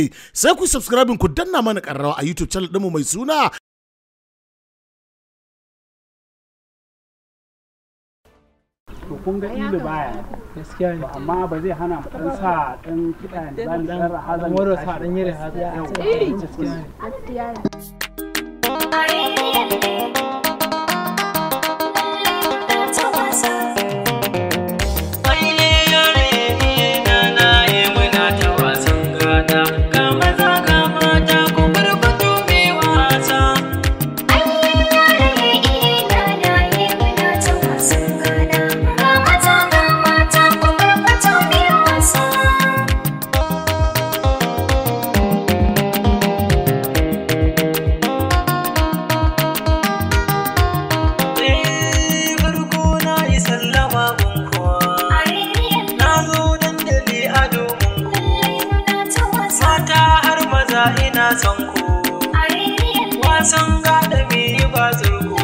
Eh, sai ku subscribe ku danna mana karrawa a YouTube channel ɗinmu mai suna to kun ga ilu baya gaskiya ne amma ba zai hana mu dan sa dan kiɗa da zamu sarrafa zan yi sa dan yare haza gaskiya ne wasan gada me yi ba zurgu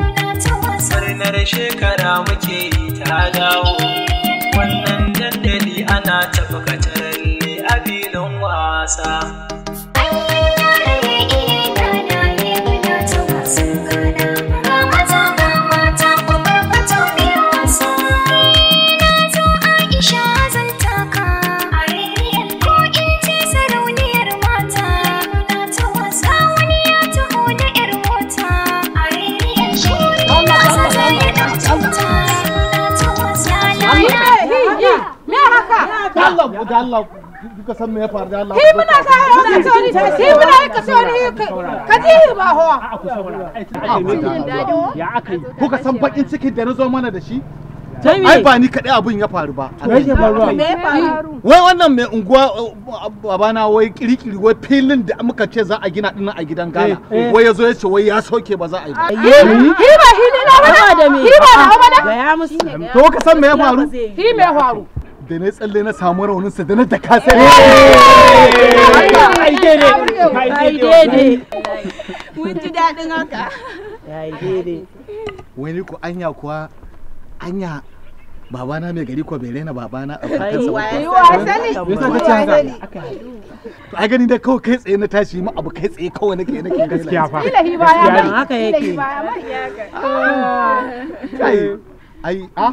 murnar shekara muke yi ta dawo wannan dandali ana tafi kataralle a filin wasa ko da Allah san me ya faru da Allah ki muna sa muna tsoni ki muna ka tsoni ka ji ba ho a ku saurara ai ya akai kuka san bakin cikin da nazo mana da shi Ai ba ni kaɗai abun ya faru ba. Me ya faru? Wai wannan mai unguwa uh, babana wai kirikiri wai filin da muka ce za a gina dinnan a gidan Ghana. Eh, eh. Wai ya ya ce wai ya sauke ba za a yi ba. Hi ah, eh, ba hi hili na wani. Hi ba na wani. Ah, Ga To ka san me ya faru? Hi me ya faru? da na tsalle na samu rauninsa da na da kasa Wani ku anya kuwa anya babana mai gari kuwa bai raina babana a kansa ba. ka gani da kawai kai tsaye na tashi ma abu kai tsaye kawai nake nake gaskiya fa. Ilahi ba Haka yake. Ilahi ba ya ah. ai a ah.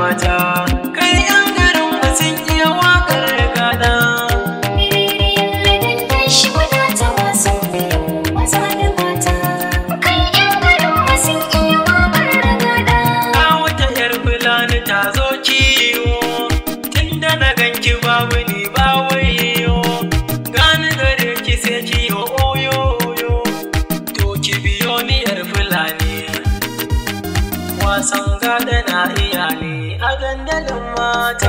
sanga tana iya ne a dandalin mata